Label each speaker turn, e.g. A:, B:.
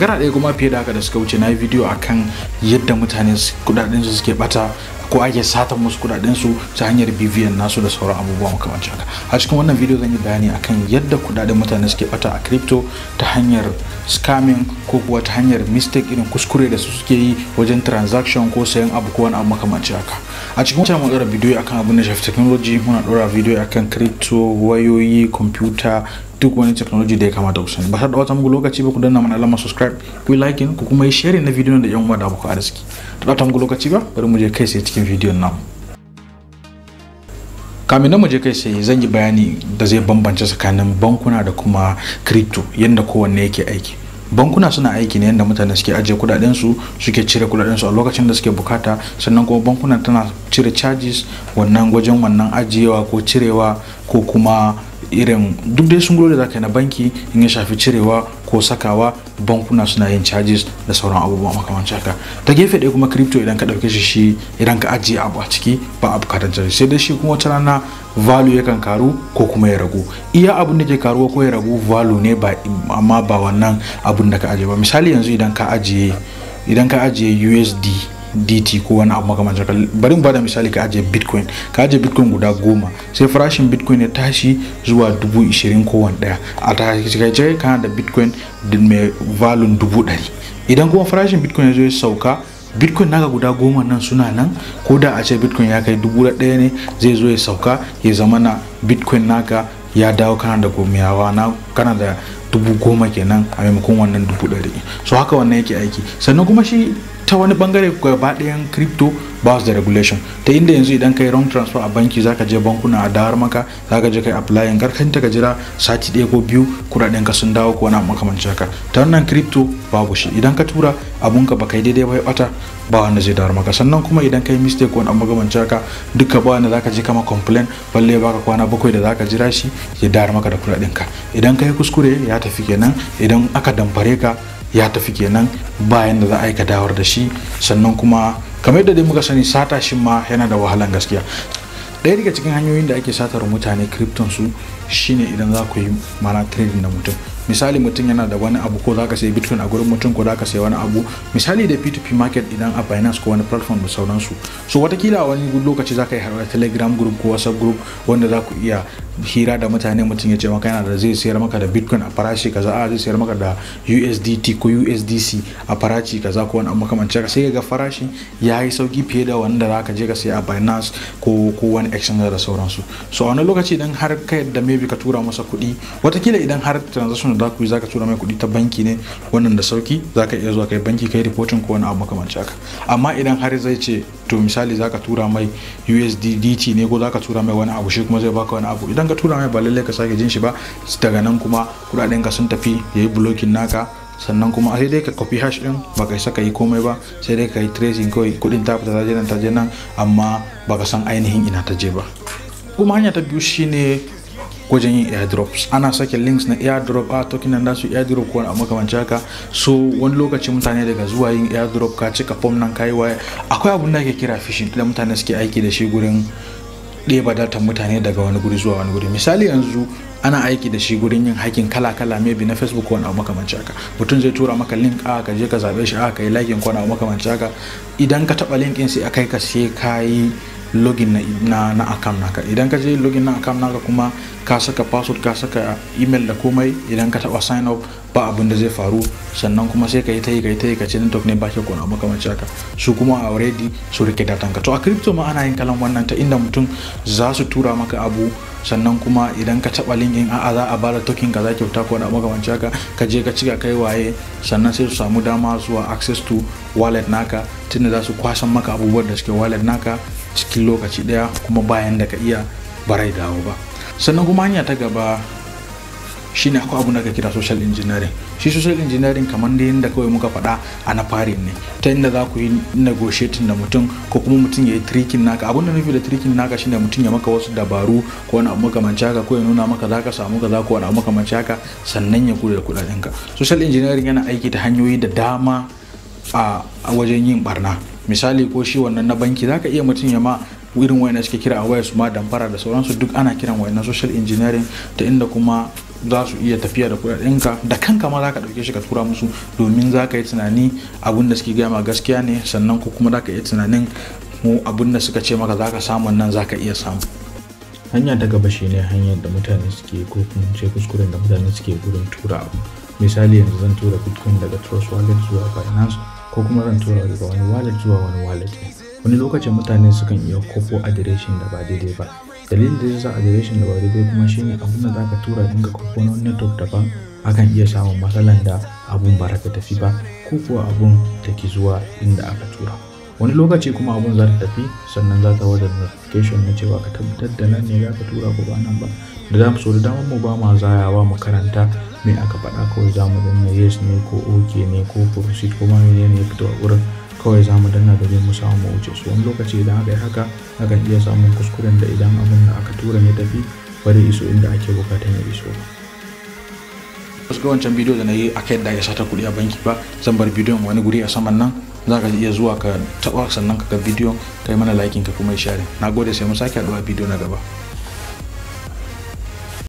A: shekara ɗaya kuma fiye da haka da suka wuce na yi bidiyo akan yadda mutane kudaden su suke bata ko ake sata musu kudaden su ta hanyar BVN nasu da sauran abubuwa makamancin haka a cikin wannan video zan yi bayani akan yadda kudaden mutane suke bata a crypto ta hanyar scamming ko kuwa ta hanyar mistake irin kuskure da su suke yi wajen transaction ko sayan abu ko abu makamanci haka a cikin wata mun bidiyo akan abin da shafi technology muna ɗora bidiyo akan crypto wayoyi computer duk wani technology da ya kamata kusan ba da wata mugu lokaci ba ku danna mana alama subscribe ku like ku kuma yi sharing na bidiyon da yan uwa da abokan arziki ta da wata mugu lokaci ba bari mu je kai sai cikin bidiyon namu kamin mu je kai sai zan yi bayani da zai bambance tsakanin bankuna da kuma crypto yadda kowanne yake aiki bankuna suna aiki ne yadda mutane suke ajiye kudaden su suke cire kudaden su a lokacin da suke bukata sannan kuma bankuna tana cire charges wannan wajen wannan ajiyewa ko cirewa ko kuma irin duk dai sun da kai na banki in ya shafi cirewa ko sakawa bankuna suna yin charges da sauran abubuwa makamancin haka ta gefe ɗaya kuma crypto idan ka ɗauke shi shi idan ka ajiye abu a ciki ba a bukatar charges sai dai shi kuma wata rana value yakan karu ko kuma ya ragu iya abin da ke karuwa ko ya ragu value ne ba amma ba wannan abin da ka ajiye ba misali yanzu idan ka ajiye USD dt ko wani abu makamancin haka bari mu bada misali ka ajiye bitcoin ka ajiye bitcoin guda goma sai farashin bitcoin ya tashi zuwa dubu ishirin kowane daya a takaice kana da bitcoin mai valun dubu dari idan kuma farashin bitcoin ya zo ya sauka bitcoin naka guda goma nan suna nan ko da a ce bitcoin ya kai dubu daya ne zai zo ya sauka ya zama na bitcoin naka ya dawo kana da gomiyawa na kana da dubu goma kenan a maimakon wannan dubu dari so haka wannan yake aiki sannan kuma shi ta wani bangare gaba ɗayan crypto ba su da regulation ta inda yanzu idan kai wrong transfer a banki zaka je bankuna a dawar maka zaka je kai apply karkan ta ka jira sati ɗaya ko biyu kuɗaɗen ka sun dawo ko wani makamancin haka ta wannan crypto babu shi idan ka tura abun ka ba kai daidai ba ya bata ba wanda zai dawar maka sannan kuma idan kai mistake wani makamancin haka duka ba wanda zaka je kama complain balle baka kwana bakwai da zaka jira shi ya dawar maka da kuɗaɗen ka idan kai kuskure ya tafi kenan idan aka damfare ka ya tafi kenan bayan da za a yi ka dawar da shi sannan kuma kamar yadda dai muka sani sata shi ma yana da wahalan gaskiya ɗaya daga cikin hanyoyin da ake satar mutane krypton su shine idan za ku yi mana trading da mutum misali mutum yana da wani abu ko za ka sayi bitcoin a gurin mutum ko za ka sayi wani abu misali da p2p market idan a binance ko wani platform da sauransu so watakila wani lokaci za ka yi haɗa telegram group ko whatsapp group wanda za ku iya hira da mutane mutum ya ce maka yana da zai sayar maka da bitcoin a farashi kaza a zai sayar maka da usdt ko usdc a farashi kaza ko wani makamanci sai ga farashi ya yi sauki fiye da wanda za ka je ka sai a binance ko ko wani exchange da sauransu so a wani lokaci idan har ka yadda maybe ka tura masa kuɗi watakila idan har transaction da ku yi za ka tura mai kuɗi ta banki ne wannan da sauki za ka iya zuwa kai banki kai reporting ko wani abu makamanci haka amma idan har zai ce to misali za ka tura mai USDT ne ko za ka tura mai wani abu shi kuma zai baka wani abu idan ka tura mai ba lallai ka sake jin shi ba daga nan kuma kudaden ka sun tafi ya yi bulokin naka sannan kuma sai dai ka copy hash din ba ka saka yi komai ba sai dai ka yi tracing kawai kudin ta fita ta je nan amma ba ka san ainihin ina ta je ba kuma hanya ta biyu ne wajen yin airdrops ana sake links na airdrop a token nan su airdrop ko a makamanci haka so wani lokaci mutane daga zuwa yin airdrop ka cika form nan kai waye akwai abun da ake kira phishing da mutane suke aiki da shi gurin ɗeba datan mutane daga wani guri zuwa wani guri misali yanzu ana aiki da shi gurin yin hakin kala-kala maybe na facebook ko wani abu makamanci haka mutum zai tura maka link a ah, ka je ka zaɓe shi a ah, ka yi like ko wani abu makamanci haka idan ka taɓa link sai a kai ka sai ka yi login na, na account naka idan ka je login na account naka kuma ka saka password ka saka email da komai idan ka taba sign up ba abin da zai faru sannan kuma sai ka yi ta yi ka yi ta yi ka ce network ne ba ke kona makamanci haka su kuma already su rike datan ka to a crypto ma ana yin kalan wannan ta inda mutum za su tura maka abu sannan kuma idan ka taba link in a'a za a ba bada token ka za kyauta ko da makamanci haka ka je ka cika kai waye sannan sai su samu dama zuwa access to wallet naka tunda za su kwasan maka abubuwan da suke wallet naka cikin lokaci daya kuma bayan da ka iya barai dawo ba sannan kuma hanya ta gaba shine akwai abu da ka kira social engineering shi social engineering kamar da yadda kawai muka faɗa a na farin ne ta yadda za ku yi negotiating da mutum ko kuma mutum ya yi tricking naka abun da nufi da tricking naka shine mutum ya maka wasu dabaru ko wani abu makamanci haka ko ya nuna maka za ka samu kaza ko wani abu makamanci haka sannan ya kula da ka social engineering yana aiki ta hanyoyi da dama a wajen yin barna misali ko shi wannan na banki zaka iya mutum ya ma irin wayannan suke kira a waya su ma damfara da sauransu duk ana kiran wayannan social engineering ta inda kuma za su iya tafiya da kudadenka da kanka ma zaka dauke shi ka tura musu domin zaka yi tunani abin da suke gama gaskiya ne sannan ko kuma zaka iya tunanin mu abin da suka ce maka zaka samu nan zaka iya samu hanya ta gaba shi ne hanyar da mutane suke ko kuma ce kuskuren da mutane suke gurin tura abu misali yanzu zan tura bitcoin daga trust wallet zuwa binance ko kuma zan tura daga wani wallet zuwa wani wallet ne wani lokacin mutane sukan iya kofo adireshin da ba daidai ba dalilin da yasa adireshin da ba daidai kuma shine abin da zaka tura in ka kofo na network daban akan iya samun matsalan da abun ba ka tafi ba ko kuwa abun da ke zuwa inda aka tura wani lokaci kuma abun za ta tafi sannan za ta wajen notification na cewa ka tabbatar da nan ne za ka tura ko ba nan ba da dama so da damar mu ba ma zayawa mu karanta me aka faɗa kawai za mu danna yes ne ko ok ne ko proceed ko ma ne ya fito a wurin kawai za mu danna da mu samu mu wuce su wani lokaci idan aka yi haka akan iya samun kuskuren da idan abin da aka tura ne tafi bari iso inda ake bukatan ya iso wasu wancan bidiyo da na yi a kai da ya sata kuɗi a banki ba zan bar bidiyon wani guri a saman nan za ka iya zuwa ka taɓa sannan ka ga bidiyon kai mana likin ka kuma share na gode sai mu sake haɗuwa bidiyo na gaba.